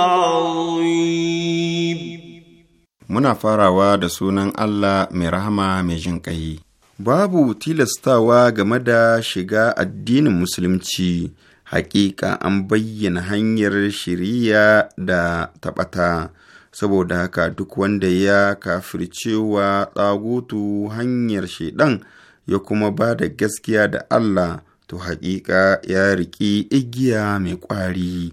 azim. Muna farawa da sunan Allah mai rahama mai jin ƙai. Babu tilastawa game da shiga addinin Musulunci, hakika an bayyana hanyar shiriya da taɓata, saboda haka duk wanda ya kafircewa ɗagutu hanyar shaidan ya kuma ba da gaskiya da Allah, to haƙiƙa ya riƙi igiya mai ƙwari.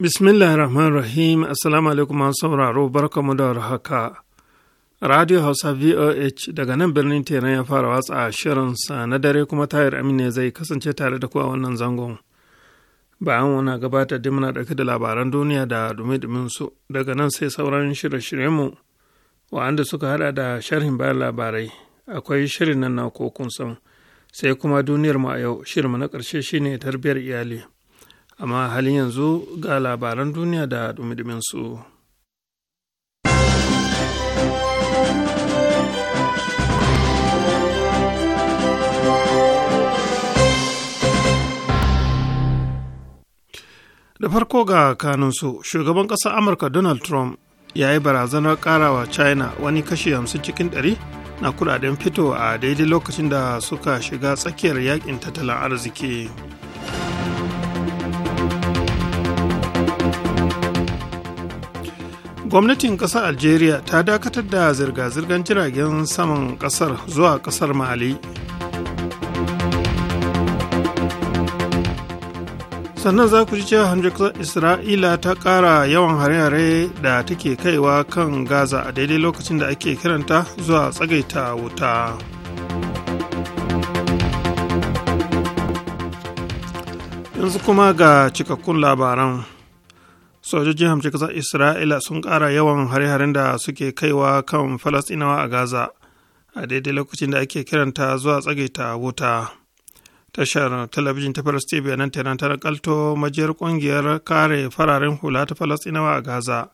Bismillah rahman rahim Assalamu alaikum masu sauraro barkamu da haka. Radio Hausa VOH daga nan birnin Teran ya fara watsa shirinsa na dare kuma tayar amina zai kasance tare da ku a wannan zangon. Bayan wana gabata da muna ɗauke da labaran duniya da dumi su daga nan sai sauran shirye-shiryenmu wa'anda suka hada da sharhin bayan labarai akwai shirin nan na kokun san sai kuma duniyar mu a yau shirinmu na ƙarshe shine tarbiyar iyali. amma halin yanzu ga labaran duniya da dumi su. da farko ga kanunsu shugaban ƙasar amurka donald trump ya yi barazanar karawa china wani kashi 50 cikin 100 na kudaden fito a daidai lokacin da suka shiga tsakiyar yakin tattalin arziki gwamnatin kasar algeria ta dakatar da zirga-zirgar jiragen saman kasar zuwa kasar mali sannan za ku ji cewa hamjakar isra'ila ta ƙara yawan hare-hare da take kaiwa kan gaza a daidai lokacin da ake kiranta zuwa tsagaita wuta yanzu kuma ga cikakkun labaran sojojin hamshe kasar isra'ila sun kara yawan hare-haren da suke kaiwa kan falastinawa a gaza a daidai lokacin da ake kiranta zuwa tsage ta wuta tashar talabijin ta faras tv nan tana ta kalto majiyar kungiyar kare fararen hula ta falastinawa a gaza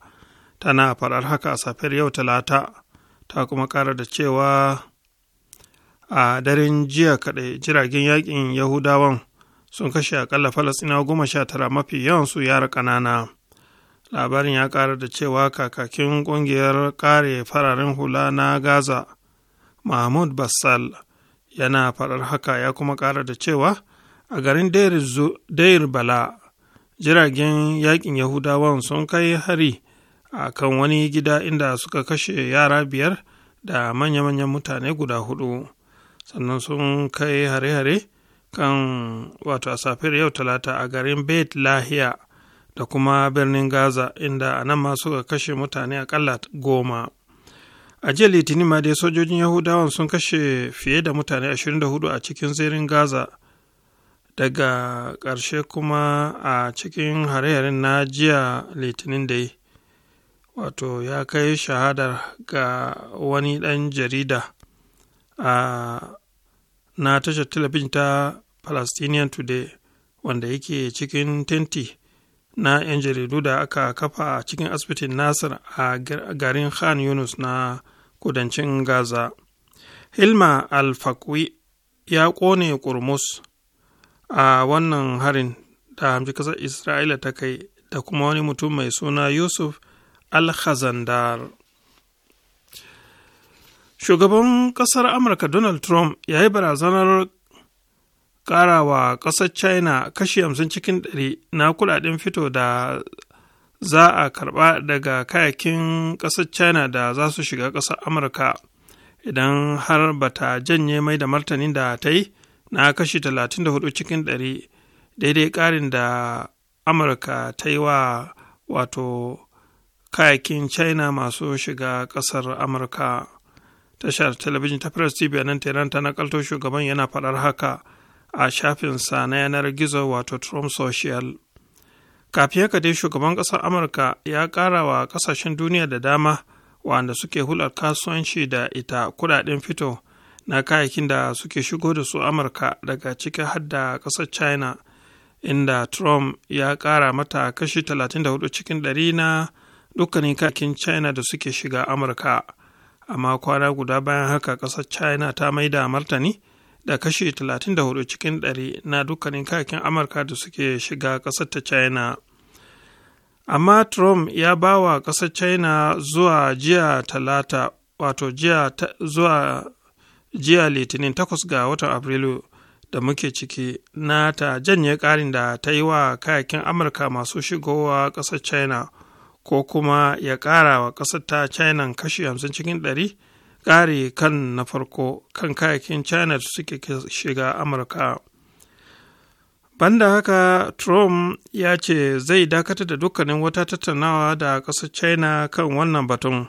tana farar haka a safiyar yau talata ta kuma kara da cewa a daren jiya kadai jiragen yakin yahudawan sun kashe akalla falastinawa goma sha tara mafi yawansu yara ƙanana labarin ya ƙara da cewa kakakin ƙungiyar kare fararen hula na gaza mahmud basal yana faɗar haka ya kuma ƙara da cewa a garin dair bala jiragen yakin yahudawan sun kai hari a kan wani gida inda suka kashe yara biyar da manya-manyan mutane guda hudu sannan sun kai hare-hare kan wato a safiyar yau talata a garin bet lahiya da kuma birnin Gaza inda a nan masu suka kashe mutane akalla goma. A jiya Litinin ma dai sojojin Yahudawan sun kashe fiye da mutane 24 a cikin zirin Gaza daga ƙarshe kuma a cikin hare-haren na jiya Litinin dai. Wato ya kai shahadar ga wani ɗan jarida a na tashar talabijin ta Palestinian Today wanda yake cikin tenti. na 'yan jaridu da aka kafa a cikin asibitin nasir a garin khan yunus na kudancin gaza hilma alfakwi ya kone kurmus a wannan harin da hamji kasar isra'ila ta kai da kuma wani mutum mai suna yusuf alhazandar shugaban kasar amurka donald trump ya yi barazanar ƙara wa ƙasar china kashi 50 cikin ɗari na kuɗaɗen fito da za a karba daga kayakin kasar china da za su shiga kasar amurka idan har bata janye mai da martanin da ta yi na kashi 34 cikin 100 daidai karin da amurka ta yi wa wato kayakin china masu shiga kasar amurka tashar talabijin ta press tv nan tehran ta nakalto shugaban yana faɗar haka a shafinsa na yanar gizo wato Trump Social. Kafin haka dai shugaban ƙasar Amurka ya ƙara wa ƙasashen duniya da dama wanda suke hular kasuwanci da ita kuɗaɗen fito na kayakin da suke shigo da su Amurka daga ciki har da ƙasar China, inda Trump ya kara mata kashi 34 cikin ɗari na dukkanin kayakin China da suke shiga Amurka. Amma kwana guda bayan haka ƙasar China ta maida martani. da kashi 34 cikin ɗari na dukkanin kayakin amurka da suke shiga ƙasar ta china amma trump ya ba wa ƙasar china zuwa jiya talata wato jiya zuwa jiya litinin 8 ga watan afrilu da muke ciki na ta janye ƙarin da ta yi wa kayakin amurka masu shigowa ƙasar china ko kuma ya ƙara wa ƙasar ta china kashi 50 cikin ɗari ƙare kan na farko kan kayakin china suke shiga amurka banda haka trump ya ce zai dakatar da dukkanin wata tattaunawa da ƙasar china kan wannan batun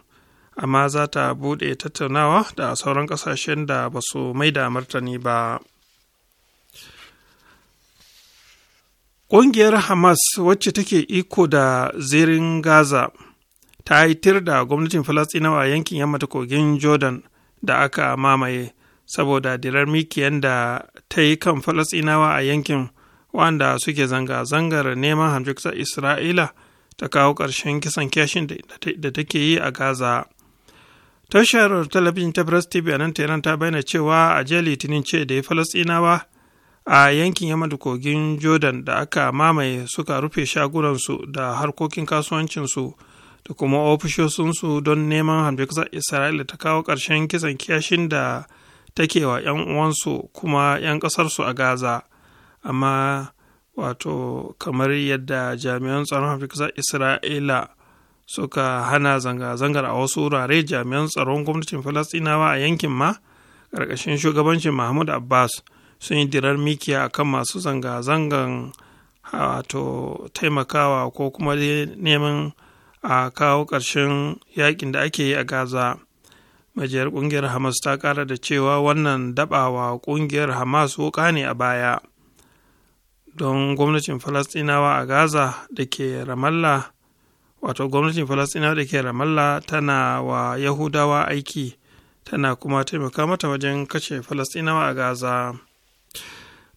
amma za ta buɗe tattaunawa da sauran ƙasashen da ba su mai da martani ba ƙungiyar hamas wacce take iko da zirin gaza ta yi haitar da gwamnatin Falasɗinawa a yankin yammata kogin Jordan da aka mamaye saboda dirar mikiyan da ta yi kan Falasɗinawa a yankin wanda suke zanga-zangar neman hamjiksar Isra'ila ta kawo ƙarshen kisan kyashin da take yi a Gaza. Tashar talabijin ta Press TV a nan Tehran ta bayyana cewa a jiya Litinin ce da ya Falasɗinawa a yankin yamma kogin Jordan da aka mamaye suka rufe shagunansu da harkokin kasuwancinsu. su da kuma ofishosinsu don neman hambe isra'ila ta kawo ƙarshen kisan kiyashin da take wa 'yan uwansu kuma 'yan ƙasarsu a gaza amma wato kamar yadda jami'an tsaron hambe isra'ila suka hana zanga-zangar a wasu wurare jami'an tsaron gwamnatin falastinawa a yankin ma ƙarƙashin shugabancin mahmud abbas sun yi dirar mikiya a kan masu zanga-zangan wato taimakawa ko kuma neman a kawo ƙarshen yakin da ake yi a gaza majiyar ƙungiyar hamas ta ƙara da cewa wannan daɓawa ƙungiyar hamas wuƙa ne a baya don gwamnatin falastinawa a gaza da ke ramallah wato gwamnatin falastinawa da ke ramalla tana wa yahudawa aiki tana kuma taimaka mata wajen kashe falastinawa a gaza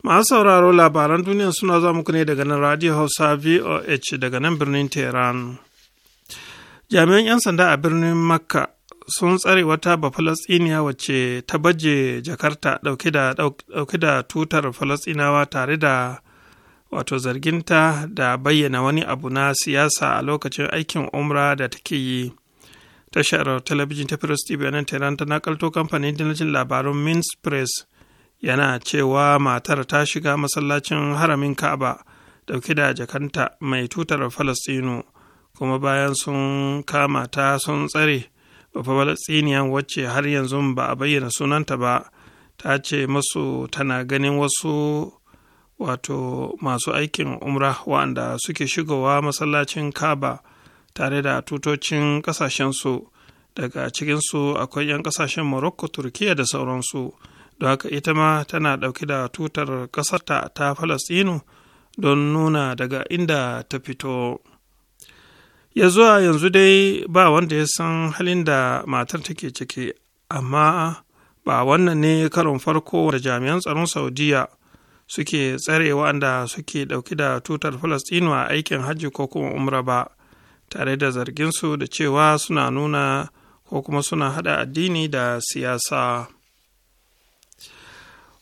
masu sauraro labaran duniya suna za muku ne daga nan radio hausa voh daga nan birnin tehran jami'an 'yan sanda a birnin makka sun tsare wata bafalastiniya wacce ta baje jakarta dauke da tutar falastinawa tare da wato zarginta da bayyana wani abu na siyasa a lokacin aikin umra da take yi tashar talabijin ta press tv nan tehran ta nakalto kamfanin dinajin labarun mins press yana cewa matar ta shiga masallacin haramin ka'aba dauke da jakanta mai tutar falastinu kuma bayan sun kama ta sun tsare bafalastiniyan wacce har yanzu ba a bayyana sunanta ba ta ce masu tana ganin wasu wato masu aikin umra waɗanda suke shigowa masallacin kaba tare da tutocin ƙasashensu daga cikinsu akwai 'yan ƙasashen morocco turkiya da sauransu don haka ita ma tana ɗauke da tutar ƙasarta ta falastinu don nuna daga inda ta fito ya zuwa yanzu dai ba wanda ya san halin da matar take ciki amma ba wannan ne karon farko da jami'an tsaron saudiya suke tsare wa'anda suke ɗauki da tutar falastinu a aikin hajji ko kuma umra ba tare da zarginsu da cewa suna nuna ko kuma suna haɗa addini da siyasa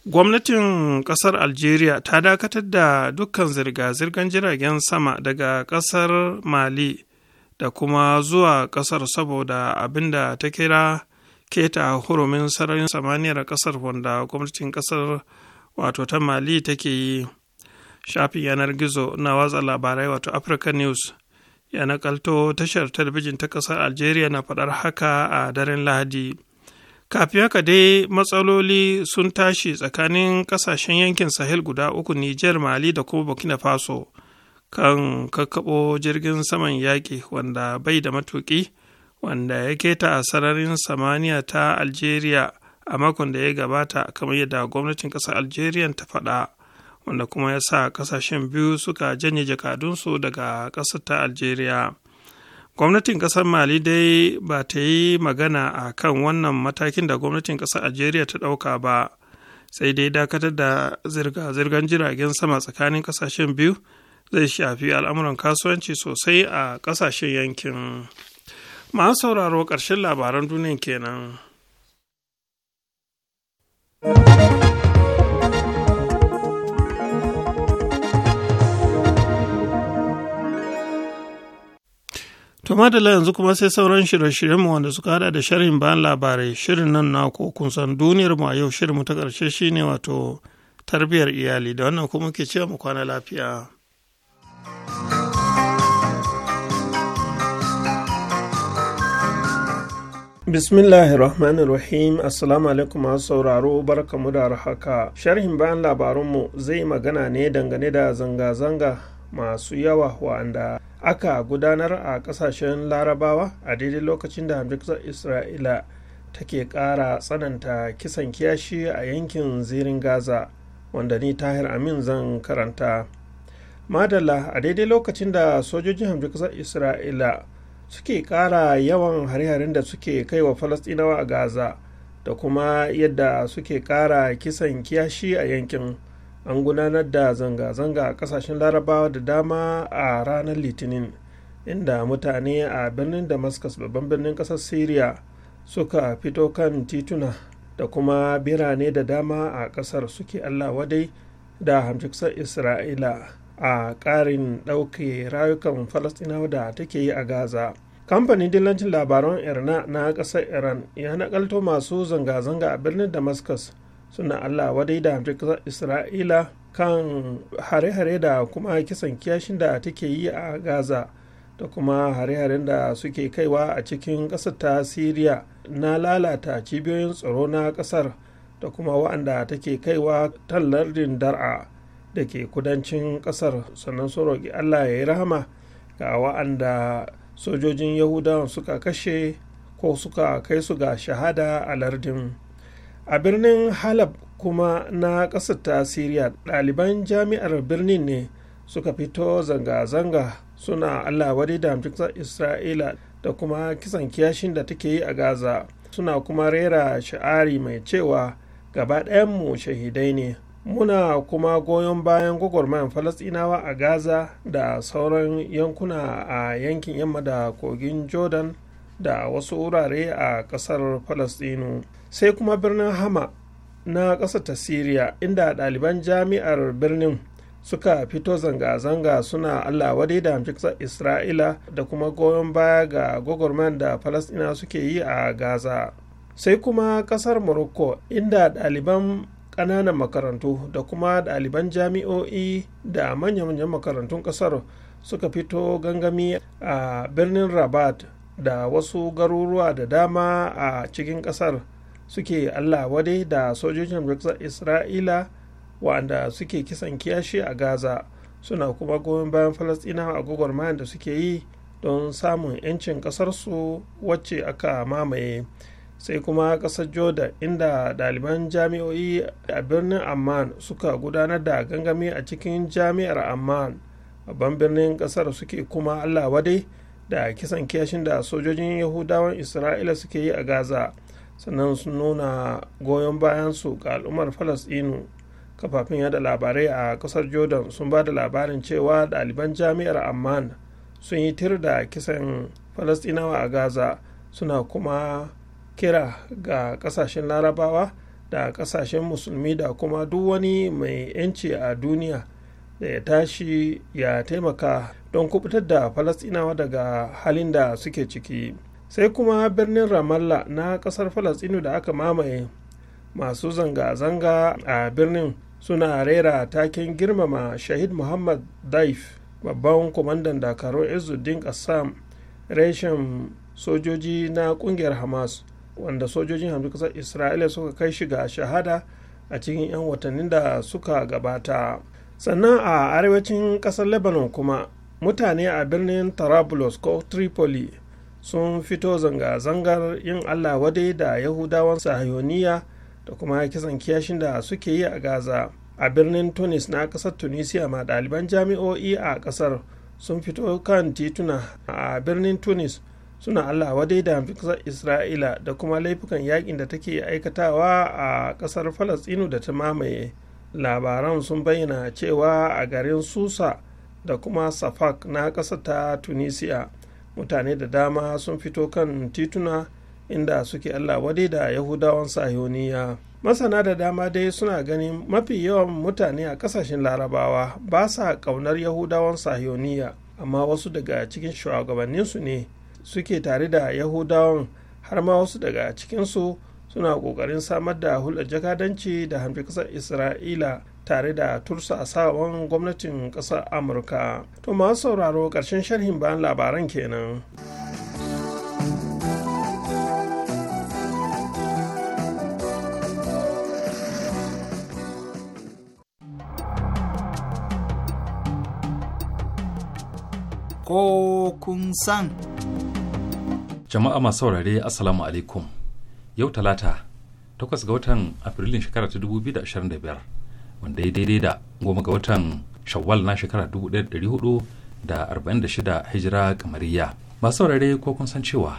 gwamnatin ƙasar algeria ta dakatar da dukkan zirga-zirgar jiragen sama daga ƙasar mali da kuma zuwa ƙasar saboda abin da ta kira keta hurumin sararin samaniyar ƙasar wanda gwamnatin ƙasar wato ta mali take yi shafin yanar gizo na watsa labarai wato africa news ya nakalto tashar talabijin ta ƙasar algeria na faɗar haka a daren lahadi kafin haka dai matsaloli sun tashi tsakanin ƙasashen yankin sahel guda uku niger mali da kuma burkina faso kan kakkaɓo jirgin saman yaƙi wanda bai da matuƙi wanda ya keta a sararin samaniya ta algeria a makon da ya gabata kamar yadda gwamnatin ƙasar algeria ta faɗa wanda kuma ya sa ƙasashen biyu suka janye jakadunsu daga ƙasar ta algeria gwamnatin ƙasar mali dai ba ta yi magana a kan wannan matakin da gwamnatin ƙasar algeria ta ɗauka ba sai dai dakatar da zirga-zirgar jiragen sama tsakanin ƙasashen biyu zai shafi al'amuran kasuwanci sosai a ƙasashen yankin masu sauraro ƙarshen labaran duniya kenan. To madalla yanzu kuma sai sauran shirye-shiryenmu wanda suka hada da shirin bayan labarai shirin nan na ko kun san duniyar mu a yau shirin mu ta ƙarshe shine wato tarbiyyar iyali da wannan kuma ke cewa mu kwana lafiya. Bismillahirrahmanirrahim Assalamu alaikum masu sauraro barkamu da haka. Sharhin bayan labarunmu zai magana ne dangane da zanga-zanga masu yawa wanda aka gudanar a kasashen larabawa a daidai lokacin da hamdukar Isra'ila take ƙara tsananta kisan kiyashi a yankin zirin Gaza wanda ni Tahir Amin zan karanta. Madalla a daidai lokacin da sojojin hamdukar Isra'ila suke ƙara yawan hare-haren da suke kai wa falastinawa a gaza da kuma yadda suke ƙara kisan kiyashi a yankin an gudanar da zanga-zanga a kasashen larabawa da dama a ranar litinin inda mutane a birnin damascus babban birnin kasar syria suka fito kan tituna da kuma birane da dama a kasar suke allah wadai da hamshiksar isra'ila a ƙarin ɗauke rayukan falastinawa da take yi a gaza kamfanin dillancin labaran irna na ƙasar iran ya nakalto masu zanga-zanga a birnin damascus suna allah wadai da isra'ila kan hare-hare da kuma kisan kiyashin da take yi a gaza da kuma hare-haren da suke kaiwa a cikin ƙasar ta syria na lalata cibiyoyin tsaro na ƙasar da kuma wa'anda take kaiwa tan lardin dar'a da ke kudancin kasar sannan su roƙi allah ya yi rahama ga wa'anda sojojin Yahudawa suka kashe ko suka kai su ga shahada a lardin a birnin halab kuma na ƙasar ta siriya ɗaliban jami'ar birnin ne suka fito zanga-zanga suna allah wadi da isra'ila da kuma kisan kiyashin da take yi a gaza suna kuma rera sha'ari mai cewa gaba ɗayanmu shahidai ne muna kuma goyon bayan gwagwarmayan falasɗinawa a gaza da sauran yankuna a yankin yamma da kogin jordan da wasu wurare a ƙasar falasɗinu sai kuma birnin hama na ƙasar ta Syria inda ɗaliban jami'ar birnin suka fito zanga-zanga suna allah wade da amsar isra'ila da kuma goyon baya ga gwagwarmayan da Falasɗina suke yi a gaza sai kuma ƙasar morocco inda ɗaliban kananan makarantu da kuma ɗaliban jami'o'i da manya-manyan makarantun ƙasar suka fito gangami a birnin rabat da wasu garuruwa da dama a cikin ƙasar suke allah wade da sojojin isra'ila wa'anda suke kisan kiyashi a gaza suna kuma goyon bayan falastinawa a gwagwarmayar da suke yi don samun 'yancin ƙasarsu wacce aka mamaye sai kuma kasar jordan inda ɗaliban jami'o'i a birnin amman suka gudanar da gangami a cikin jami'ar amman babban birnin kasar suke kuma allah wadai da kisan kiyashin da sojojin yahudawan isra'ila suke yi a gaza sannan sun nuna goyon bayan su ga al'ummar falasɗinu kafafin yada labarai a kasar jordan sun ba da labarin cewa ɗaliban jami'ar amman sun yi tir da kisan falasɗinawa a gaza suna kuma kira ga kasashen larabawa da kasashen musulmi da kuma duk wani mai 'yanci a duniya da ya tashi ya taimaka don kubutar da falasɗinawa daga halin da suke ciki sai kuma birnin ramallah na kasar falasɗinu da aka mamaye masu zanga-zanga a birnin suna rera taken girmama shahid muhammad daif babban kwamandan dakarun izuddin kasam reshen sojoji na kungiyar hamas wanda sojojin hamdu kasar isra'ila suka kai shi ga shahada a cikin 'yan watannin da suka gabata sannan a arewacin kasar lebanon kuma mutane a birnin tarablos ko tripoli sun fito zanga-zangar yin allah wadai da yahudawan sahayoniya da kuma kisan kiyashin da suke yi a gaza a birnin tunis na kasar tunisia ma ɗaliban jami'o'i a kasar sun fito kan tituna a birnin tunis suna allah wadai da kasar isra'ila da kuma laifukan yakin da take aikatawa a kasar falastinu da ta mamaye labaran sun bayyana cewa a garin susa da kuma safak na ƙasar ta tunisia mutane da dama sun fito kan tituna inda suke allah wadai da yahudawan sayoniya masana da dama dai suna ganin mafi yawan mutane a kasashen larabawa ba sa ƙaunar yahudawan sayoniya amma wasu daga cikin shugabanninsu ne suke tare da yahudawan har ma wasu daga cikinsu suna ƙoƙarin samar da hulɗar jakadanci da hamfi ƙasar isra'ila tare da tursa sawan gwamnatin ƙasar amurka to masu sauraro ƙarshen sharhin bayan labaran kenan. ko kun san. jama'a masu saurare assalamu alaikum yau talata 8 ga watan afrilun shekara ta 2025 wanda ya daidai da goma ga watan shawwal na shekara 1446 hijira kamariya masu saurare ko kun san cewa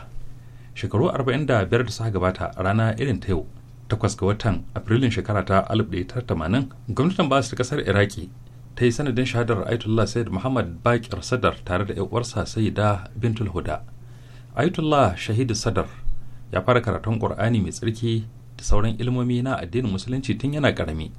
shekaru 45 da suka gabata a rana irin ta yau 8 ga watan afrilun shekara ta 1980 gwamnatin basu kasar iraki ta yi sanadin shahadar ayatollah sayyid muhammad bakir sadar tare da uwarsa sayyida bintul huda ayatollah shahidu sadar ya fara karatun ƙur'ani mai tsarki da sauran ilmomi na addinin musulunci tun yana karami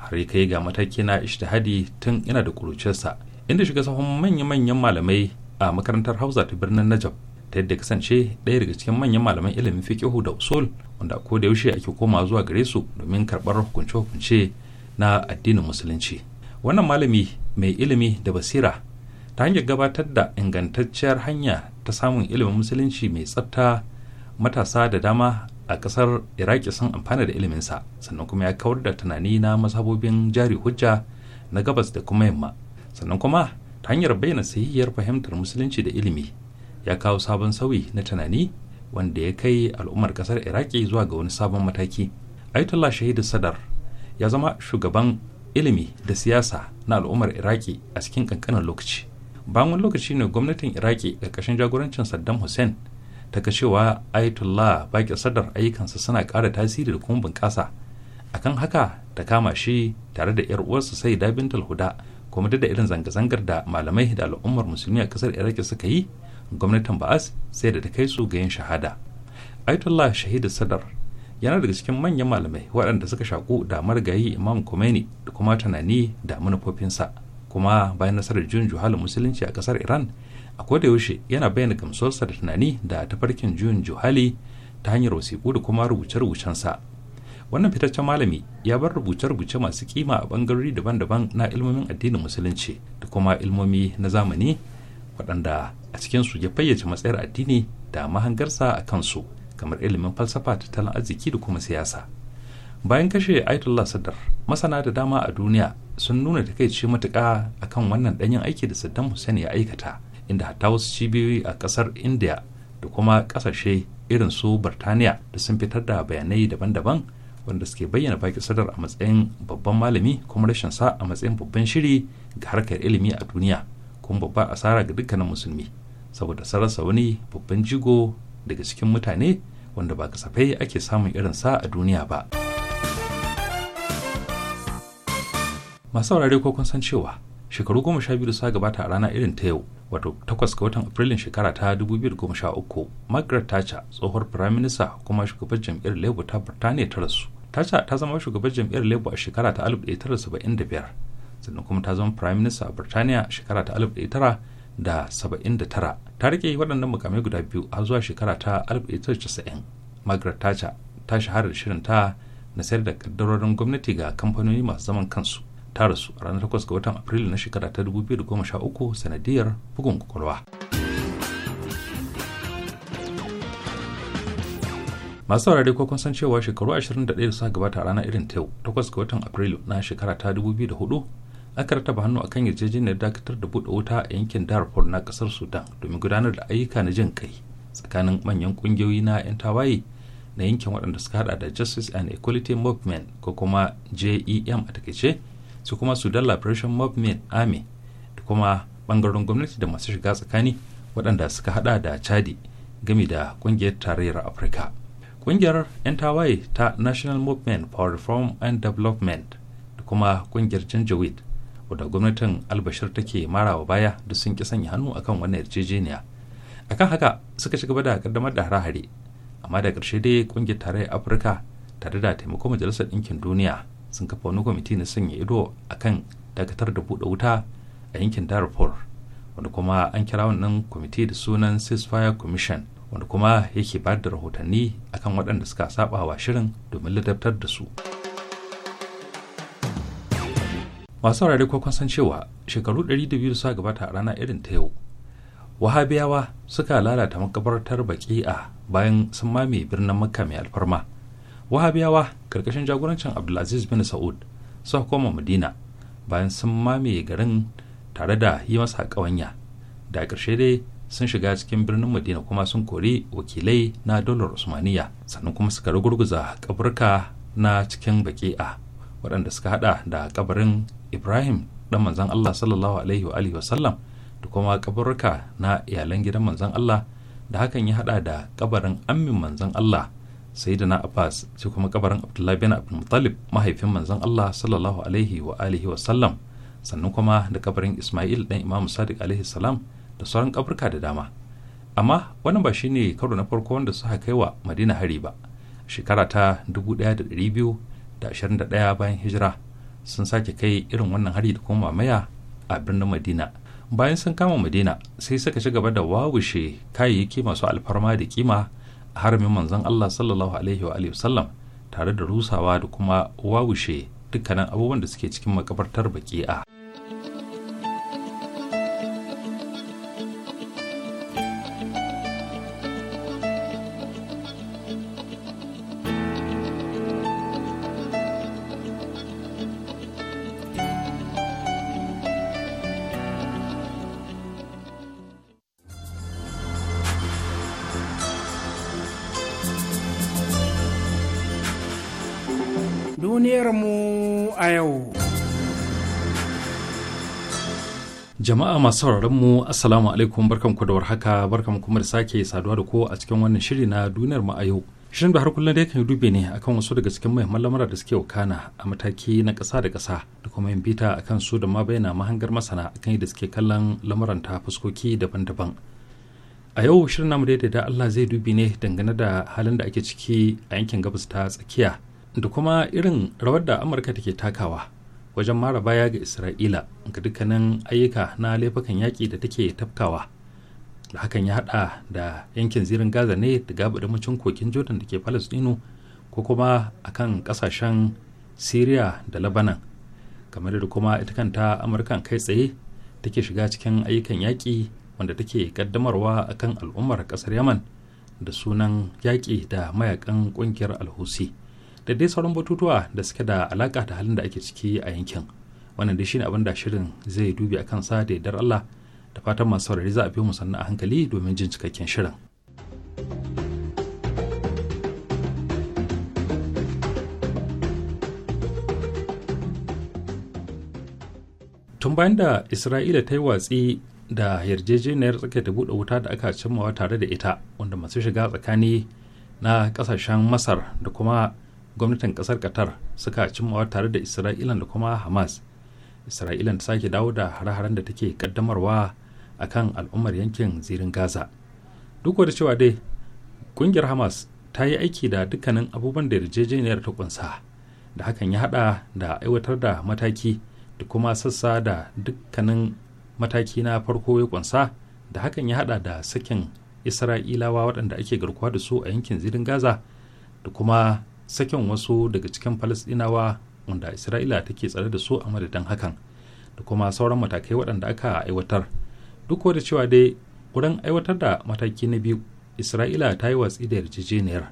har kai ga mataki na ishtihadi tun yana da kurucinsa inda shiga sahun manya-manyan malamai a makarantar hausa ta birnin Najaf ta yadda kasance ɗaya daga cikin manyan malaman ilimin fiqihu da usul wanda ko da yaushe ake koma zuwa gare su domin karɓar hukunce-hukunce na addinin musulunci wannan malami mai ilimi da basira ta hanyar gabatar da ingantacciyar hanya ta samun ilimin musulunci mai tsafta matasa da dama a kasar iraki sun amfana da iliminsa sannan kuma ya kawar da tunani na mazhabobin jari hujja na gabas da kuma yamma sannan kuma ta hanyar bayyana sahihiyar fahimtar musulunci da ilimi ya kawo sabon sauyi na tunani wanda ya kai al'ummar kasar iraki zuwa ga wani sabon mataki ayatollah shahidu sadar ya zama shugaban ilimi da siyasa na al'ummar iraki a cikin kankanin lokaci bayan wani lokaci ne gwamnatin iraki ƙarƙashin jagorancin saddam hussein ta ga cewa ayatollah baki sadar ayyukansa suna ƙara tasiri da kuma bunƙasa akan haka ta kama shi tare da yar uwarsa sai da bintul huda kuma da irin zanga-zangar da malamai da al'ummar musulmi a ƙasar iraki suka yi gwamnatin ba'as sai da ta kai su ga yin shahada ayatollah shahidu sadar yana daga cikin manyan malamai waɗanda suka shaku da marigayi imam khomeini da kuma tunani da manufofinsa kuma bayan nasarar juyin juhalin musulunci a kasar iran a yaushe yana bayyana gamsuwarsa da tunani da tafarkin juyin juhali ta hanyar wasiƙu da kuma rubuce rubucen sa wannan fitaccen malami ya bar rubuce-rubuce masu kima a bangarori daban-daban na ilmomin addinin musulunci da kuma ilmomi na zamani waɗanda a cikin su ya fayyace matsayar addini da mahangarsa a kansu kamar ilimin falsafa tattalin arziki da kuma siyasa bayan kashe aitullah sadar masana da dama a duniya sun nuna takaici matuƙa akan wannan ɗanyen aiki da saddam hussein ya aikata inda hatta wasu cibiyoyi a ƙasar india da kuma ƙasashe irin su birtaniya da sun fitar da bayanai daban-daban wanda suke bayyana baki sadar a matsayin babban malami kuma rashin sa a matsayin babban shiri ga harkar ilimi a duniya kuma babba asara ga dukkanin musulmi saboda sararsa wani babban jigo daga cikin mutane wanda ba kasafai ake samun irin sa a duniya ba. masu saurare ko kun san cewa shekaru goma sha biyu da suka gabata a rana irin ta yau wato takwas ga watan afrilun shekara ta 2013 margaret thatcher tsohuwar firaminista kuma shugabar jam'iyyar labour ta birtaniya ta rasu thatcher ta zama shugabar jam'iyyar labour a shekara ta 1975 sannan kuma ta zama firaminista a birtaniya a shekara ta 1979 ta rike waɗannan mukamai guda biyu har zuwa shekara ta 1990 margaret thatcher ta shahara da shirin ta na sayar da kaddarorin gwamnati ga kamfanoni masu zaman kansu ta rasu a ranar 8 ga watan Afrilu na shekara ta 2013 sanadiyar bugun kwakwalwa. masu saurare ko kun san cewa shekaru 21 da suka gabata a ranar irin ta yau 8 ga watan Afrilu na shekara ta 2004 aka rataba hannu akan yarjejeniyar dakatar da buɗe wuta a yankin Darfur na ƙasar Sudan domin gudanar da ayyuka na jin kai tsakanin manyan ƙungiyoyi na 'yan tawaye na yankin waɗanda suka hada da Justice and Equality Movement ko kuma JEM a takaice su kuma sudan liberation movement army da kuma bangaren gwamnati da masu shiga tsakani waɗanda suka hada da chadi gami da kungiyar tarayyar afirka kungiyar 'yan tawaye ta national movement for reform and development da kuma kungiyar janjaweed wadda gwamnatin albashir take marawa baya da sun ki sanya hannu akan wannan yarjejeniya akan haka suka ci gaba da kaddamar da hare-hare amma da ƙarshe dai kungiyar tarayyar afirka tare da taimakon majalisar ɗinkin duniya sun kafa wani kwamiti na sanya ido a kan dakatar da buɗe wuta a yankin darfur wanda kuma an kira wannan kwamiti da sunan ceasefire commission wanda kuma yake bayar da rahotanni akan waɗanda suka saba wa shirin domin ladabtar da su masu saurare kwakwan san cewa shekaru 200 suka gabata a rana irin ta yau wahabiyawa suka lalata makabartar a bayan sun mame birnin makka mai alfarma wahabiyawa karkashin jagorancin abdulaziz bin sa'ud sun koma madina bayan sun mamaye garin tare da yi masa ƙawanya da ƙarshe dai sun shiga cikin birnin madina kuma sun kori wakilai na dolar usmaniya sannan kuma suka rugurguza kaburka na cikin baki'a waɗanda suka hada da kabarin ibrahim dan manzan allah sallallahu alaihi wa wasallam da kuma kaburka na iyalan gidan manzan allah da hakan ya hada da kabarin ammin manzan allah sayyidina abbas sai kuma kabarin abdullahi bin abdul muttalib mahaifin manzon allah sallallahu alaihi wa alihi wa sallam sannan kuma da kabarin ismail dan imam sadiq alaihi salam da sauran kaburka da dama amma wannan ba shine karo na farko wanda suka kai wa madina hari ba shekara ta 1221 bayan hijira sun sake kai irin wannan hari da kuma mamaya a birnin madina bayan sun kama madina sai suka ci gaba da wawushe kayayyaki masu alfarma da kima haramin manzon Allah sallallahu alaihi wa sallam tare da rusawa da kuma wawushe dukkanin abubuwan da suke cikin makabartar baki'a. Jama'a masu sauraron mu Assalamu alaikum barkanku da warhaka barkanku kuma da sake saduwa da ko a cikin wannan shiri na duniyar mu a yau. Shirin da har kullum da yakan dube ne akan wasu daga cikin muhimman lamura da suke wakana a mataki na ƙasa da ƙasa da kuma yin bita akan su da ma bayyana mahangar masana akan yadda suke kallon lamuran ta fuskoki daban-daban. A yau shirin namu daidai da Allah zai dubi ne dangane da halin da ake ciki a yankin gabas ta tsakiya da kuma irin rawar da Amurka take takawa wajen mara baya ga isra'ila ga dukkanin ayyuka na laifukan yaƙi da take tafkawa da hakan ya haɗa da yankin zirin gaza ne da gabadamacin kokin jordan da ke palestino ko kuma akan ƙasashen syria da labanan kamar da kuma ita kanta amurkan kai tsaye take shiga cikin ayyukan yaƙi wanda take kaddamarwa akan al'ummar ƙasar yaman da sunan yaƙi da mayakan ƙungiyar alhusi da dai sauran batutuwa da suke da alaka da halin da ake ciki a yankin wannan dai shine abin da shirin zai dubi a sa da yardar Allah da fatan masu saurari za a biyo mu sannan a hankali domin jin cikakken shirin. tun bayan da isra'ila ta yi watsi da yarjejeniyar da buɗe wuta da aka cimmawa tare da ita wanda masu shiga tsakani na ƙasashen masar da kuma gwamnatin kasar qatar suka cimmawa tare da isra'ila da kuma hamas isra'ila ta sake dawo da hare-haren da take kaddamarwa kan al'ummar yankin zirin gaza duk da cewa dai kungiyar hamas ta yi aiki da dukkanin abubuwan da yarjejeniyar ta kunsa da hakan ya hada da aiwatar da mataki da kuma sassa da dukkanin mataki na farko ya kunsa da hakan ya hada da sakin isra'ilawa waɗanda ake garkuwa da su a yankin zirin gaza da kuma sakin wasu daga cikin falasɗinawa wanda isra'ila take tsare da su a madadin hakan da kuma sauran matakai waɗanda aka aiwatar duk da cewa dai wurin aiwatar da mataki na biyu isra'ila ta yi watsi da yarjejeniyar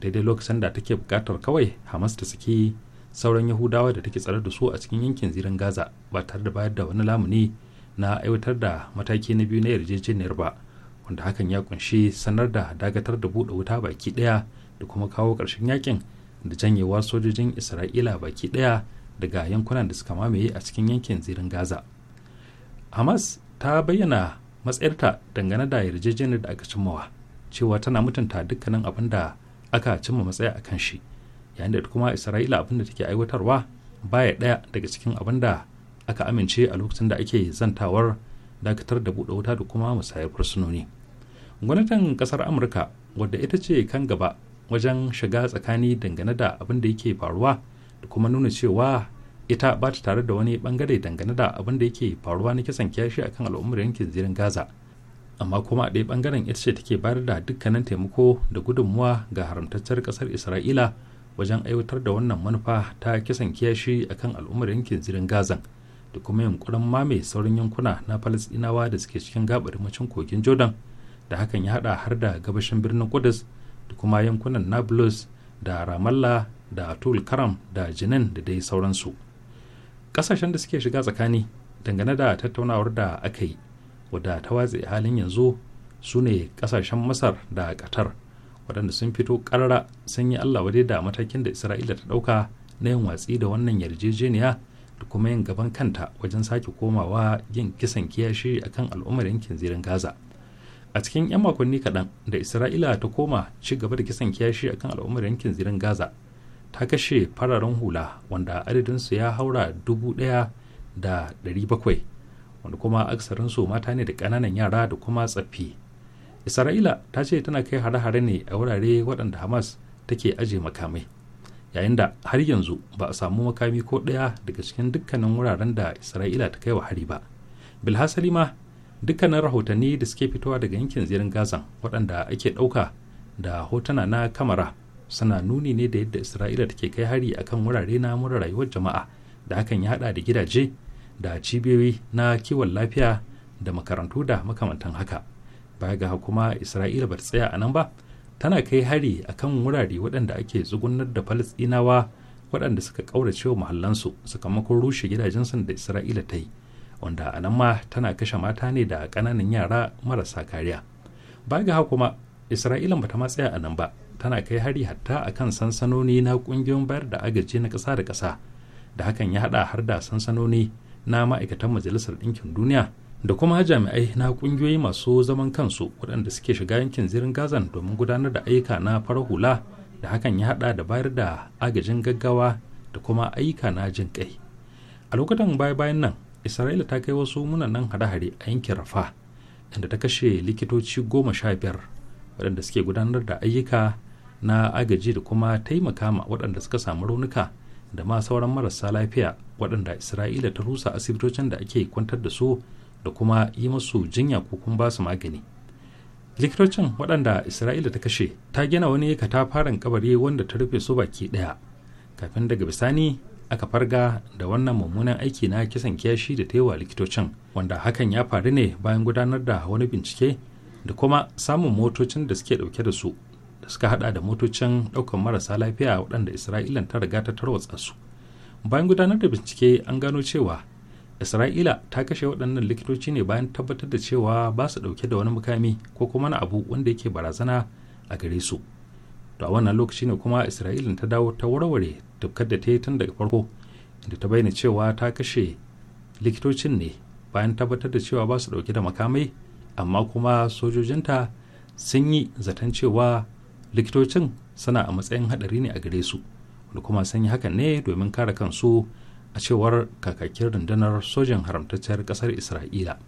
daidai lokacin da take buƙatar kawai hamas ta saki sauran yahudawa da take tsare da su a cikin yankin zirin gaza ba tare da bayar da wani lamuni na aiwatar da mataki na biyu na yarjejeniyar ba wanda hakan ya kunshi sanar da dagatar da buɗe wuta baki ɗaya da kuma kawo ƙarshen yakin da janyewar sojojin isra'ila baki ɗaya daga yankunan da suka mamaye a cikin yankin zirin gaza hamas ta bayyana matsayarta dangane da yarjejeniyar da aka cimmawa cewa tana mutunta dukkanin abin da aka cimma matsaya a kan shi yayin da kuma isra'ila abin da take aiwatarwa baya ɗaya daga cikin abin da aka amince a lokacin da ake zantawar dakatar da buɗe wuta da kuma musayar fursunoni gwamnatin ƙasar amurka wadda ita ce kan gaba wajen shiga tsakani dangane da abin da yake faruwa da kuma nuna cewa ita ba ta tare da wani bangare dangane da abin da yake faruwa na kisan kiyashi akan al'ummar yankin zirin gaza amma kuma a ɗaya bangaren ita ce take bayar da dukkanin taimako da gudunmuwa ga haramtaccen kasar isra'ila wajen aiwatar da wannan manufa ta kisan kiyashi akan al'ummar yankin zirin gazan da kuma yunkurin mame sauran yankuna na falasɗinawa da suke cikin gabar macin kogin jordan da hakan ya haɗa har da gabashin birnin kudus da kuma yankunan nablus da ramallah da atul karam da jinin da dai sauransu ƙasashen da suke shiga tsakani dangane da tattaunawar da aka yi wadda ta watsi halin yanzu su ne ƙasashen masar da qatar waɗanda sun fito ƙarara sun yi allah wadai da matakin da isra'ila ta ɗauka na yin watsi da wannan yarjejeniya da kuma yin gaban kanta wajen sake komawa yin kisan kiyashi akan al'ummar yankin zirin gaza a cikin 'yan makonni kaɗan da isra'ila ta koma ci gaba da kisan kiyashi a kan al'ummar yankin zirin gaza ta kashe fararen hula wanda adadinsu ya haura dubu ɗaya da ɗari bakwai wanda kuma aksarinsu mata ne da ƙananan yara da kuma tsaffi isra'ila ta ce tana kai hare-hare ne a wurare waɗanda hamas take aje makamai yayin da har yanzu ba a samu makami ko ɗaya daga cikin dukkanin wuraren da isra'ila ta kai wa hari ba bilhassali ma dukkanin rahotanni da suke fitowa daga yankin zirin gaza waɗanda ake ɗauka da hotuna na kamara suna nuni ne da yadda isra'ila take kai hari akan wurare na mura rayuwar jama'a da hakan ya haɗa da gidaje da cibiyoyi na kiwon lafiya da makarantu da makamantan haka baya ga kuma isra'ila ba ta tsaya a nan ba tana kai hari akan wurare waɗanda ake tsugunar da falasɗinawa waɗanda suka ƙaurace wa mahallansu sakamakon rushe gidajensu da isra'ila ta yi wanda a nan ma tana kashe mata ne da ƙananan yara marasa kariya ba ga kuma isra'ila ba ta matsaya a nan ba tana kai hari hatta a kan sansanoni na ƙungiyoyin bayar da agaji na ƙasa da ƙasa da hakan ya haɗa har da sansanoni na ma'aikatan majalisar ɗinkin duniya da kuma jami'ai na ƙungiyoyi masu zaman kansu waɗanda suke shiga yankin zirin gazan domin gudanar da ayyuka na farar hula da hakan ya hada da bayar da agajin gaggawa da kuma ayyuka na jin kai a lokutan baya-bayan nan isra'ila ta kai wasu munanan hare-hare a yankin rafa inda ta kashe likitoci goma sha biyar waɗanda suke gudanar da ayyuka na agaji da kuma taimaka ma waɗanda suka samu raunuka da ma sauran marasa lafiya waɗanda isra'ila ta rusa asibitocin da ake kwantar da su da kuma yi masu jinya ko kuma ba su magani likitocin waɗanda isra'ila ta kashe ta gina wani katafaren kabari wanda ta rufe su baki ɗaya kafin daga bisani aka farga da wannan mummunan aiki na kisan kiyashi da ta taiwa likitocin wanda hakan ya faru ne bayan gudanar da wani bincike da kuma samun motocin da suke dauke da su da suka hada da motocin daukan marasa lafiya waɗanda isra'ilan ta riga ta tarwatsa su bayan gudanar da bincike an gano cewa isra'ila ta kashe waɗannan likitoci ne bayan tabbatar da cewa ba su dauke da wani mukami ko kuma na abu wanda yake barazana a gare su to a wannan lokaci ne kuma isra'ilin ta dawo ta warware tukkar da ta yi tun daga farko inda ta bayyana cewa ta kashe likitocin ne bayan tabbatar da cewa ba su dauke da makamai amma kuma sojojinta sun yi zaton cewa likitocin suna a matsayin hadari ne a gare su da kuma sun yi hakan ne domin kare kansu a cewar kakakin rundunar sojin haramtacciyar kasar isra'ila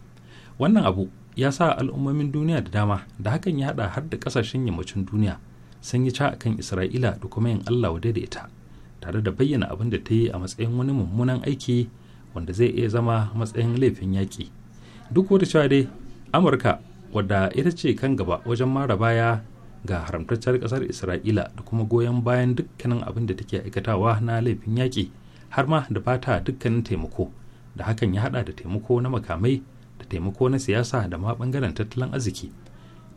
wannan abu ya sa al'ummomin duniya da dama da hakan ya hada har da kasashen yammacin duniya sun yi ca akan isra'ila da kuma yin allah wadai da ita tare da bayyana abin da ta yi a matsayin wani mummunan aiki wanda zai iya zama matsayin laifin yaƙi duk wata cewa dai amurka wadda ita ce kan gaba wajen mara baya ga haramtacciyar ƙasar isra'ila da kuma goyon bayan dukkanin abin da take aikatawa na laifin yaƙi har ma da fata dukkanin taimako da hakan ya haɗa da taimako na makamai da taimako na siyasa da ma ɓangaren tattalin arziki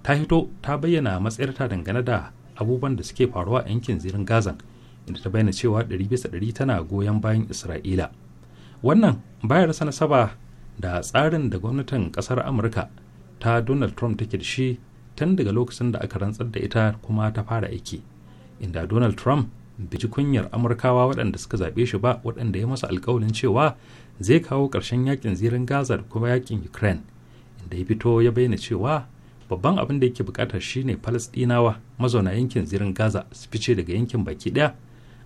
ta hito ta bayyana matsayarta dangane da abubuwan da suke faruwa a yankin zirin gaza inda ta bayyana cewa 100% tana goyon bayan isra'ila wannan bayar rasa nasaba da tsarin da gwamnatin kasar amurka ta donald trump take da shi tun daga lokacin da aka rantsar da ita kuma ta fara aiki inda donald trump bai ji kunyar amurkawa waɗanda suka zaɓe shi ba waɗanda ya masa alkawalin cewa zai kawo ƙarshen yakin zirin gaza da kuma yakin ukraine inda ya fito ya bayyana cewa babban abin da yake bukata shine falasdinawa mazauna yankin zirin gaza su fice daga yankin baki daya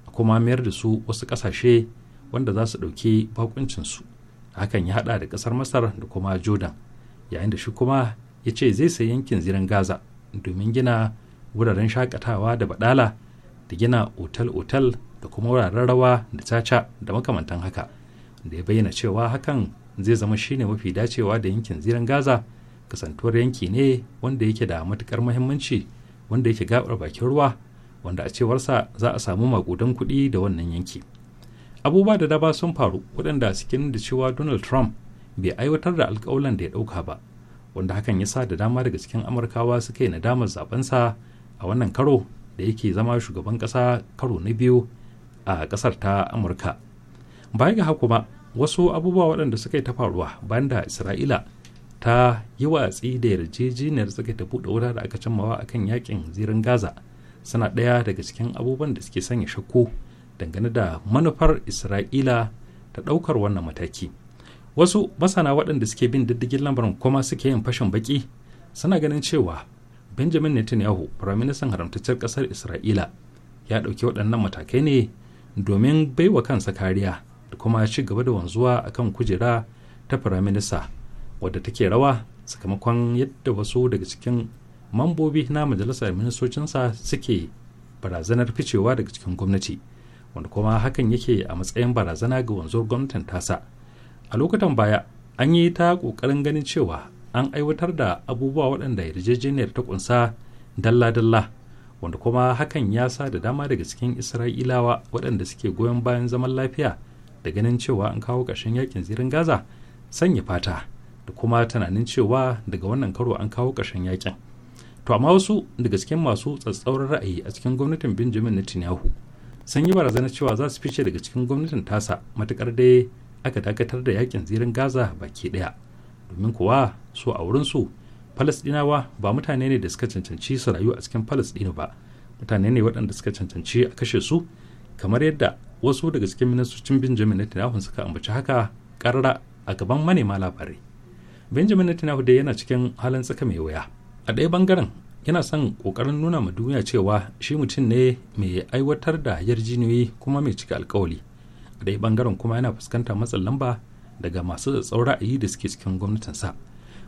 a kuma mayar da su wasu kasashe wanda za su ɗauki bakuncinsu hakan ya hada da kasar masar da kuma jordan yayin da shi kuma ya ce zai sai yankin zirin gaza domin gina wuraren shakatawa da badala da gina otal-otal da kuma wuraren rawa da caca da makamantan haka da ya bayyana cewa hakan zai zama shine mafi dacewa da yankin zirin gaza kasantuwar yanki ne wanda yake da matukar muhimmanci wanda yake gabar bakin ruwa wanda a cewarsa za a samu magudan kuɗi da wannan yanki abubuwa da daba sun faru waɗanda suke da cewa donald trump bai aiwatar da alkawalan da ya ɗauka ba wanda hakan ya sa da dama daga cikin amurkawa suka yi nadamar sa a wannan karo da yake zama shugaban ƙasa karo na biyu a ƙasar ta amurka baya ga hakuma ba wasu abubuwa waɗanda suka yi ta faruwa bayan da isra'ila ta yi watsi da yarjejeniyar tsaka ta buɗe wuta da aka cimmawa a kan yakin zirin gaza suna ɗaya daga cikin abubuwan da suke sanya shakku dangane da manufar isra'ila ta ɗaukar wannan mataki wasu masana waɗanda suke bin diddigin lamarin kuma suke yin fashin baki suna ganin cewa benjamin netanyahu firaministan haramtaccen ƙasar isra'ila ya ɗauki waɗannan matakai ne domin baiwa kansa kariya da kuma ci gaba da wanzuwa akan kujera ta firaminista wadda take rawa sakamakon yadda wasu daga cikin mambobi na majalisar ministocinsa suke barazanar ficewa daga cikin gwamnati wanda kuma hakan yake a matsayin barazana ga wanzuwar gwamnatin tasa a lokutan baya an yi ta ƙoƙarin ganin cewa an aiwatar da abubuwa waɗanda yarjejeniyar ta kunsa dalla-dalla wanda kuma hakan ya sa da dama daga cikin isra'ilawa waɗanda suke goyon bayan zaman lafiya da ganin cewa an kawo ƙarshen yakin zirin gaza sanya fata da kuma tunanin cewa daga wannan karo an kawo ƙarshen yakin to amma wasu daga cikin masu tsatsauran ra'ayi a cikin gwamnatin benjamin netanyahu sun yi barazana cewa za su fice daga cikin gwamnatin tasa matukar dai aka dakatar da yakin zirin gaza baki ɗaya domin kuwa so a wurin su falasɗinawa ba mutane ne da suka cancanci su rayu a cikin falasɗinu ba mutane ne waɗanda suka cancanci a kashe su kamar yadda wasu daga cikin ministocin benjamin netanyahu suka ambaci haka karara a gaban manema labarai benjamin netanyahu dai yana cikin halin tsaka mai wuya a ɗaya bangaren yana son ƙoƙarin nuna ma duniya cewa shi mutum ne mai aiwatar da yarjiniyoyi kuma mai cika alkawali a ɗaya bangaren kuma yana fuskantar matsin lamba daga masu tsatsau ra'ayi da suke cikin gwamnatinsa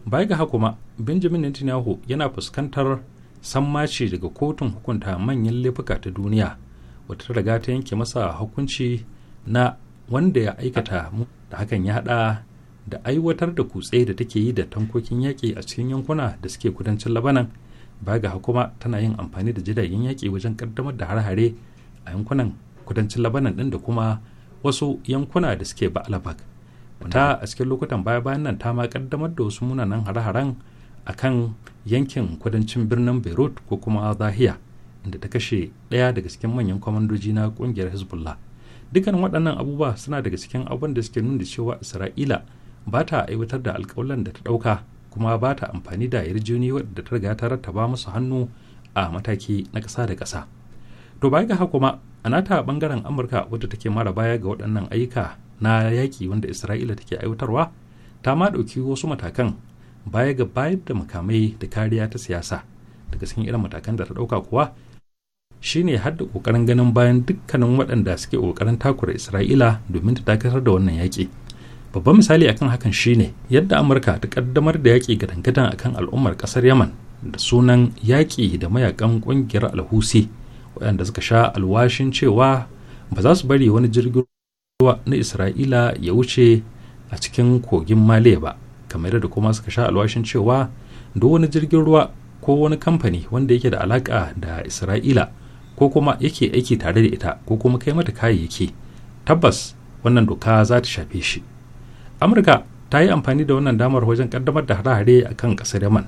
baya ga haka kuma benjamin netanyahu yana fuskantar sammaci daga kotun hukunta manyan laifuka ta duniya wata riga ta yanke masa hukunci na wanda ya aikata mu da hakan ya haɗa da aiwatar da kutse da take yi da tankokin yaƙi a cikin yankuna da suke kudancin labanan baya ga tana yin amfani da jiragen yaƙi wajen kaddamar da har-hare a yankunan kudancin labanan din da kuma wasu yankuna da suke ba'alabak ta a cikin lokutan baya bayan nan ta ma kaddamar da wasu munanan har-haren a kan yankin kudancin birnin beirut ko kuma zahiya inda ta kashe ɗaya daga cikin manyan kwamandoji na ƙungiyar hezbollah dukkan waɗannan abubuwa suna daga cikin abin da suke nuna cewa isra'ila ba ta aiwatar da alkawalan da ta ɗauka kuma ba ta amfani da yarjejeniyar wadda ta riga ta rattaba musu hannu a mataki na ƙasa da ƙasa to baya ga haka kuma a nata bangaren amurka wadda take mara baya ga waɗannan ayyuka na yaki wanda isra'ila take aiwatarwa ta ma ɗauki wasu matakan baya ga bayar da makamai da kariya ta siyasa daga cikin irin matakan da ta ɗauka kuwa shine hadda ƙoƙarin ganin bayan dukkanin waɗanda suke ƙoƙarin takura isra'ila domin ta dakatar da wannan yaƙi babban misali akan hakan shine yadda amurka ta kaddamar da yaƙi gadangadan akan al'ummar ƙasar yaman da sunan yaƙi da mayakan ƙungiyar alhusi waɗanda suka sha alwashin cewa ba za su bari wani jirgin ruwa na isra'ila ya wuce a cikin kogin male ba kamar da kuma suka sha alwashin cewa duk wani jirgin ruwa ko wani kamfani wanda yake da alaƙa da isra'ila ko kuma yake aiki tare da ita ko kuma kai mata kayayyaki tabbas wannan doka za ta shafe shi amurka ta yi amfani da wannan damar wajen kaddamar da hare-hare a kan kasar yaman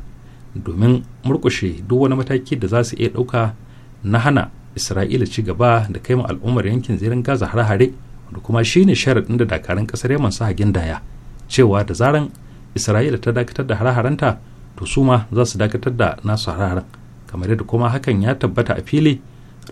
domin murkushe duk wani mataki da za su iya dauka na hana isra'ila ci gaba da kai ma al'ummar yankin zirin gaza hare-hare da kuma shine sharaɗin da dakarun kasar yaman su hagin daya cewa da zaran isra'ila ta dakatar da hare-harenta to su ma za su dakatar da nasu hare-haren kamar yadda kuma hakan ya tabbata a fili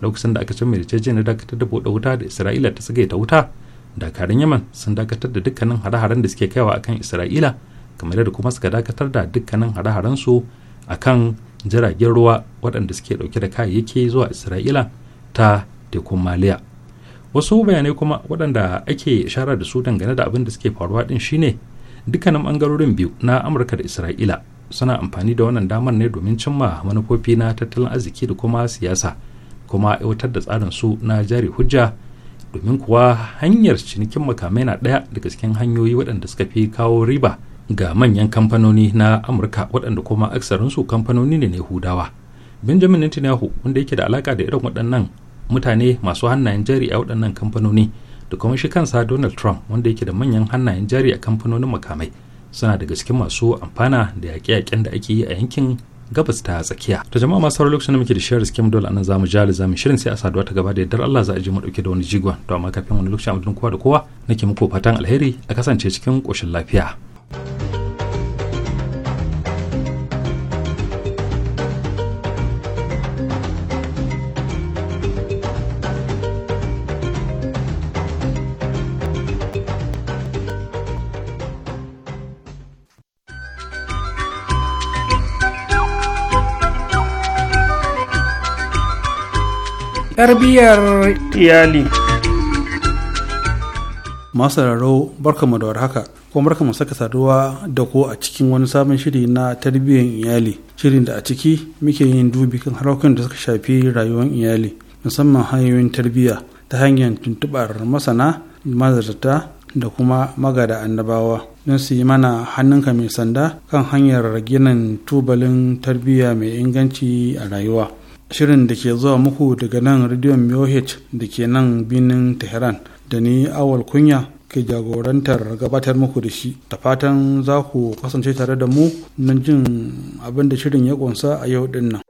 a lokacin da aka cimma da dakatar da buɗe wuta da isra'ila ta tsagaita wuta dakarun yaman sun dakatar da dukkanin hare-haren da suke kaiwa akan isra'ila kamar da kuma suka dakatar da dukkanin hare-haren su akan jiragen ruwa waɗanda suke ɗauke da kayayyaki zuwa isra'ila ta tekun maliya wasu bayanai kuma waɗanda ake shara da su dangane da abin da suke faruwa ɗin shine dukkanin bangarorin biyu na amurka da isra'ila suna amfani da wannan damar ne domin cimma manufofi na tattalin arziki da kuma siyasa kuma aiwatar da tsarin su na jari hujja domin kuwa hanyar cinikin makamai na ɗaya daga cikin hanyoyi waɗanda suka fi kawo riba ga manyan kamfanoni na amurka waɗanda kuma aksarinsu kamfanoni ne na yahudawa benjamin netanyahu wanda yake da alaka da irin waɗannan mutane masu hannayen jari a waɗannan kamfanoni da kuma shi kansa donald trump wanda yake da manyan hannayen jari a kamfanonin makamai suna daga cikin masu amfana da yaƙe-yaƙen da ake yi a yankin gabas ta tsakiya to jama'a masu sauraron lokacin da muke da shirin skim dole anan zamu jali zamu shirin sai a saduwa ta gaba da yaddar Allah za a ji mu dauke da wani jigon to amma kafin wani lokacin a kowa da kowa nake muku fatan alheri a kasance cikin koshin lafiya. thank you tarbiyyar iyali masu raro barkamu da warhaka kuma barkamu saka saduwa da ko a cikin wani sabon shiri na tarbiyyar iyali shirin da a ciki muke yin dubi kan harkokin da suka shafi rayuwar iyali musamman hanyoyin tarbiyya ta hanyar tuntubar masana mazarta da kuma magada annabawa don su yi mana hannunka mai sanda kan hanyar ginin tubalin tarbiyya mai inganci a rayuwa shirin da ke zuwa muku daga nan rediyon MyoH da ke nan binin Tehran da ni awal kunya ke jagorantar gabatar muku da shi da fatan za ku kasance tare da mu nan jin abin da shirin ya kunsa a yau din nan.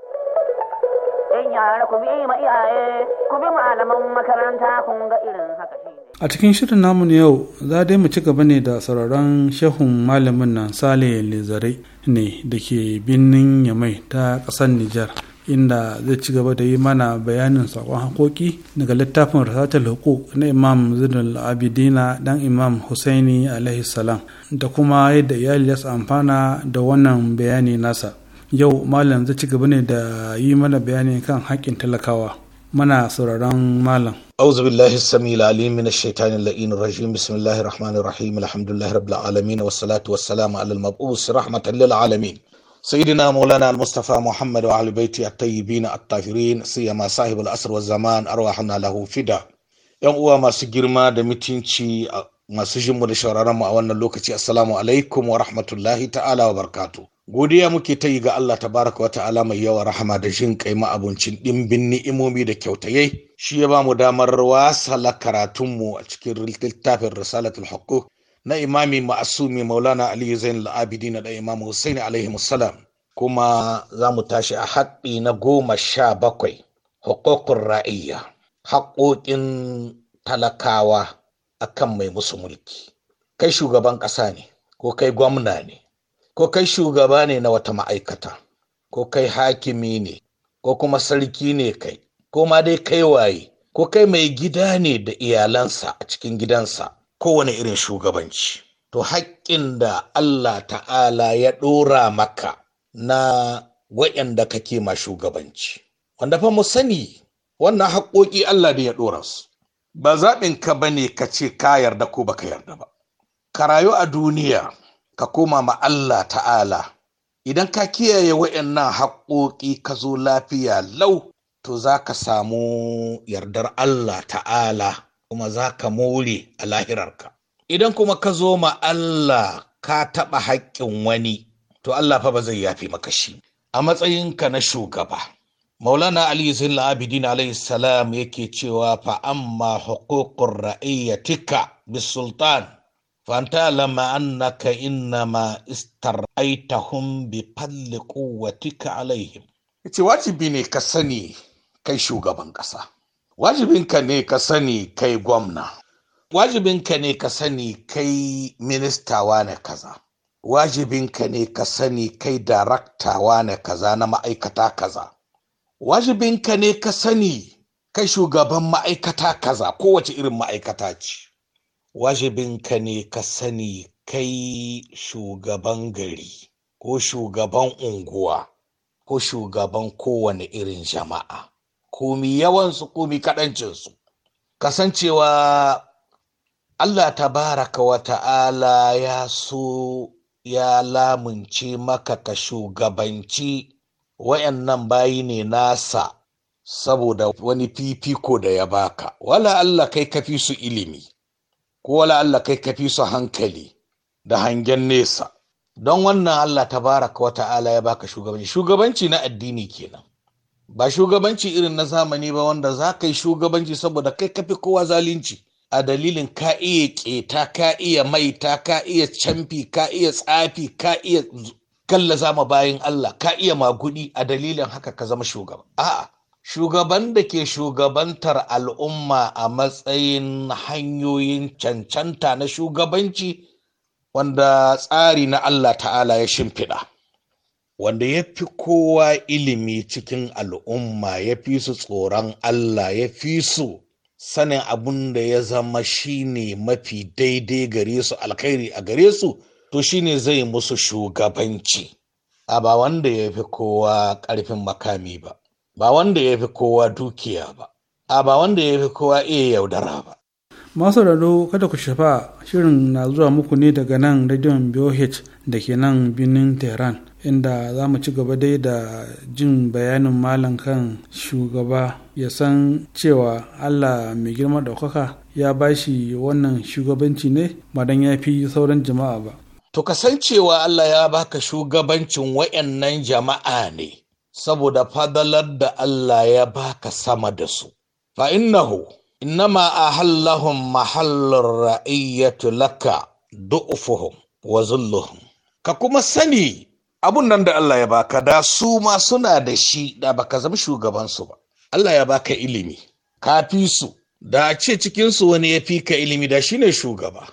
A cikin shirin namu na yau za dai mu ci gaba ne da sauraron shehun malamin nan Sale Lizare ne da ke birnin Yamai ta ƙasar Nijar. inda zai ci gaba da yi mana bayanin saƙon hakoki daga littafin rasatul hukuk na imam zidul abidina dan imam husaini alaihi salam da kuma yadda iyali ya amfana da wannan bayani nasa yau malam zai ci gaba ne da yi mana bayani kan haƙƙin talakawa mana sauraron malam أعوذ بالله السميع العليم من الشيطان اللئيم الرجيم بسم الله الرحمن الرحيم الحمد لله رب العالمين والصلاة والسلام على المبعوث رحمة للعالمين سيدنا مولانا المصطفى محمد وعلى بيته الطيبين الطاهرين سيما صاحب الأسر والزمان أرواحنا له فدا yan uwa masu girma da mutunci masu jinmu da shawararmu a wannan lokaci assalamu alaikum wa rahmatullahi ta'ala wa barkatu godiya muke ta yi ga Allah tabaraka wa ta'ala mai yawa rahama da jin kai ma abincin ɗimbin ni'imomi da kyautayai shi ya ba mu damar wasala karatunmu a cikin littafin risalatul hukuk na imami ma'asumi maulana aliyu zain na da imamu hussein alaihi salam kuma za mu tashi a haƙƙi na goma sha bakwai hukukun ra'ayya haƙoƙin talakawa akan mai musu mulki kai shugaban ƙasa ne ko kai gwamna ne ko kai shugaba ne na wata ma'aikata ko kai hakimi ne ko kuma sarki ne kai ko ma dai kai waye ko kai mai gida ne da iyalansa a cikin gidansa kowane irin shugabanci to haƙƙin da Allah ta'ala ya ɗora maka na waɗanda kake ma shugabanci wanda fa mu sani wannan haƙƙoƙi Allah da ya ɗora su ba zaɓin ka ba ne ka ce ka yarda ko ba ka yarda ba ka rayu a duniya ka koma ma Allah ta'ala idan ka kiyaye waɗannan haƙƙoƙi ka zo lafiya lau to za ka samu yardar Allah ta'ala kuma za ka more a lahirarka idan kuma ka zo ma Allah ka taɓa haƙƙin wani to Allah fa ba zai yafe maka shi a matsayinka na shugaba maulana ali zin abidin alayhi salam yake cewa fa amma huququr ra'iyatika bisultan فانتعلم أنك إنما استرأيتهم kowa, قوتك عليهم. Ita wajibi ne ka sani kai shugaban ƙasa. wajibinka ne ka sani kai gwamna wajibinka ne ka sani kai ministawa na kaza wajibinka ne ka sani kai daraktawa na kaza na ma'aikata kaza wajibinka ne ka sani kai shugaban ma'aikata kaza kowace irin ma'aikata ce wajibinka ne ka sani kai shugaban gari ko shugaban unguwa ko shugaban kowane irin jama'a komi yawansu komi kaɗancinsu kasancewa Allah tabaraka wa ta'ala ya so ya lamunce maka ka shugabanci wayannan bayi ne nasa saboda wani fifiko da ya baka wala Allah kai kafi su ilimi ko wala Allah kai kafi su hankali da hangen nesa don wannan Allah baraka wa ta'ala ya baka shugabanci shugabanci na addini kenan ba shugabanci irin na zamani ba wanda za ka yi shugabanci saboda kai kafi kowa zalunci a dalilin ka iya keta ka iya maita ka iya camfi ka iya tsafi ka iya kalla zama bayan Allah ka iya magudi a dalilin haka ka zama shugaba a'a shugaban da ke shugabantar al'umma a matsayin hanyoyin cancanta na shugabanci wanda tsari na Allah ta'ala ya shimfiɗa wanda ya fi kowa ilimi cikin al'umma ya fi su tsoron Allah ya fi su sanin abin da ya zama shi ne mafi daidai gare su alkhairi a gare su to shi ne zai musu shugabanci a ba wanda ya fi kowa ƙarfin makami ba ba wanda ya fi kowa dukiya ba a ba wanda ya fi kowa iya yaudara ba masu raro kada ku shafa shirin na zuwa muku ne daga nan radion bioh da ke nan birnin tehran inda za mu ci gaba dai da jin bayanin malam kan shugaba ya san cewa allah mai girma ɗaukaka ya bashi wannan shugabanci ne madan ya fi sauran jama'a ba to cewa allah ya baka shugabancin wayannan jama'a ne saboda fadalar da allah ya baka sama da su fa innahu innama hallahun mahallar ra'iyyatu laka du'ufuhum wa zulluhum ka kuma sani abun nan da Allah ya baka da su ma suna da shi da baka zama shugaban su ba Allah ya baka ilimi ka fi su da a ce cikinsu wani ya fi ka ilimi da shine shugaba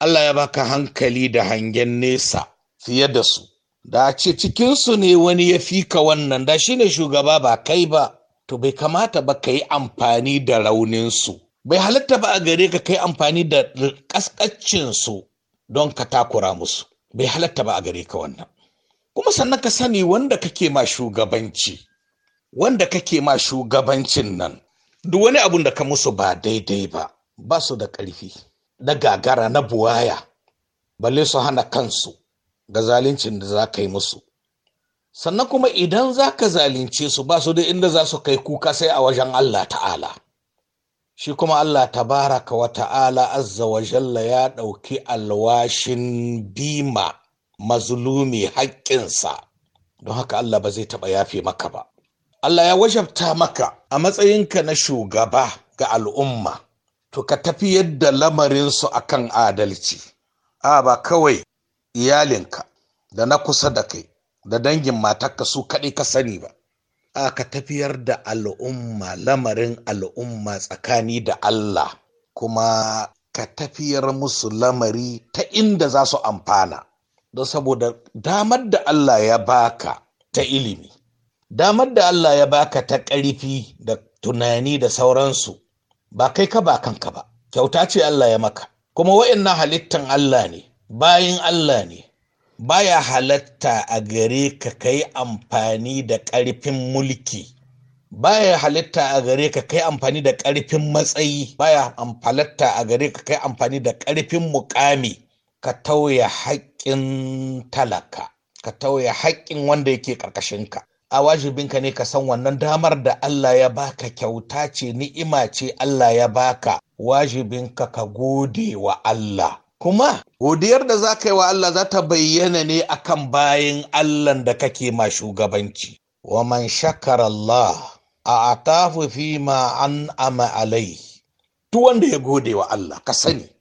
Allah ya baka hankali da hangen nesa fiye da su da a ce cikinsu ne wani ya fi ka wannan da shine shugaba ba kai ba to bai kamata ba ka yi amfani da rauninsu bai halitta ba a gare ka kai amfani da kaskacinsu don ka takura musu bai halatta ba a gare ka wannan kuma sannan ka sani wanda kake ma shugabanci wanda kake ma shugabancin nan duk wani abun da ka musu ba daidai ba ba su da ƙarfi na gagara na buwaya balle su hana kansu ga zaluncin da za ka yi musu sannan kuma idan za ka zalunce su ba su da inda za su kai kuka sai a wajen Allah ta'ala shi kuma Allah tabaraka wa ta'ala azza wa jalla ya ɗauki alwashin bima mazulumi haƙƙinsa don haka Allah ba zai taɓa yafe maka ba Allah ya wajabta maka a matsayinka na shugaba ga al'umma to ka tafi yadda lamarinsu kan adalci a ba kawai iyalinka da na kusa da kai da dangin matarka su kaɗai ka sani ba a ka tafiyar da al'umma lamarin al'umma tsakani da Allah kuma ka tafiyar musu lamari ta inda za su amfana don saboda damar da Allah ya baka ta ilimi damar da Allah ya baka ta ƙarfi da tunani da sauransu ba kai ka ba kanka ba kyauta ce Allah ya maka kuma waɗannan halittan Allah ne Bayan Allah ne baya halatta a gare ka kai amfani da ƙarfin mulki baya halitta a gare ka kai amfani da ƙarfin matsayi baya halatta a gare ka kai amfani da ƙarfin muƙami. ka tauya haƙƙin talaka ka tauya haƙƙin wanda yake ƙarƙashinka a wajibinka ne ka san wannan damar da Allah ya baka kyauta ce ni'ima ce Allah ya baka wajibinka ka gode wa Allah kuma godiyar da za ka yi wa Allah za ta bayyana ne akan bayin Allah da kake ma shugabanci wa man shakara Allah a atafu fi ma an ama alai duk wanda ya gode wa Allah ka sani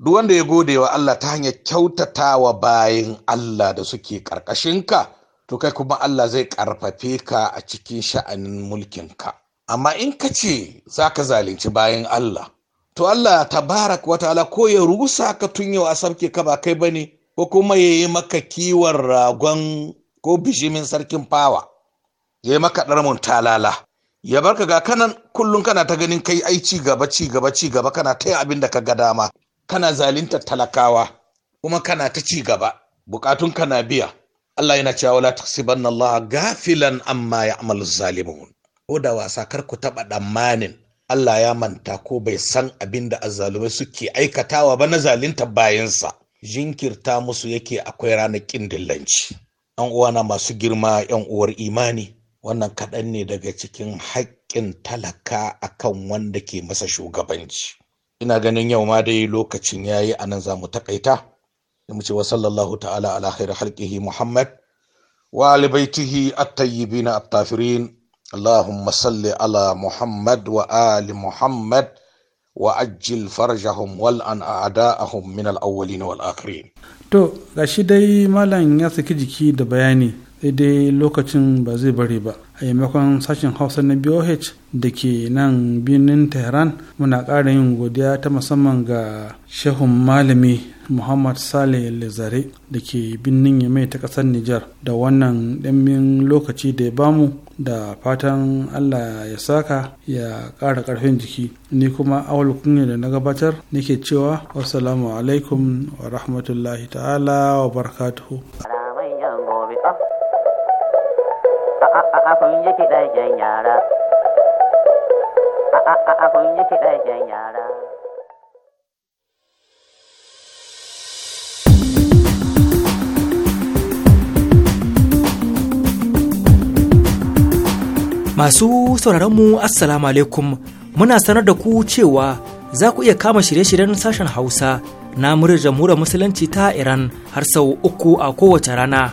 duk wanda ya gode wa Allah ta hanyar kyautatawa bayan Allah da suke ka, to kai kuma Allah zai karfafe ka a cikin sha'anin mulkin ka. amma in ka ce za ka zalunci bayan Allah to Allah tabarak wa ta'ala ko ya rusa ka tun yau a sabke ka ba kai bane ko kuma ya yi maka kiwon ragon ko bishimin sarkin fawa ya yi maka ɗarmun talala ya barka ga kanan kullum kana ta ganin kai ai ci gaba ci gaba ci gaba kana ta abin da ka ga dama kana zalinta talakawa kuma kana ta ci gaba bukatun kana biya Allah yana cewa wala tahsibanna Allah gafilan amma ya'malu zalimun ko da wasa kar ku taba damanin Allah ya manta ko bai san abin da azzalumai suke aikatawa ba na zalinta bayansa jinkirta musu yake akwai ranar dillanci yan uwana masu girma yan uwar imani wannan kaɗan ne daga cikin haƙƙin talaka akan wanda ke masa shugabanci ina ganin yau ma dai lokacin yayi za zamu takaita da mu ce wa sallallahu ta'ala ala khairu halqihi muhammad wa ali baitihi at-tayyibin at-tafirin Ali Muhammad wa ajil farjahum wal an a'da'ahum min al-awwalin wal akhirin to gashi dai malam ya saki jiki da bayani Daidai lokacin ba zai bari ba a yammakon sashen hausa na boh da ke nan birnin tehran muna ƙara yin godiya ta musamman ga shehun malami muhammad saleh lezare da ke birnin yamai ta ƙasar nijar da wannan ɗanbin lokaci da ya bamu da fatan allah ya saka ya ƙara ƙarfin jiki ni kuma awal kunya da na gabatar nake cewa wassalamu alaikum wa rahmatullahi ta'ala wa barakatuhu a kun yara a Masu sauraronmu Assalamu alaikum muna sanar da ku cewa za ku iya kama shirye-shiryen sashen Hausa na muryar jamhuriyar Musulunci ta Iran har sau uku a kowace rana.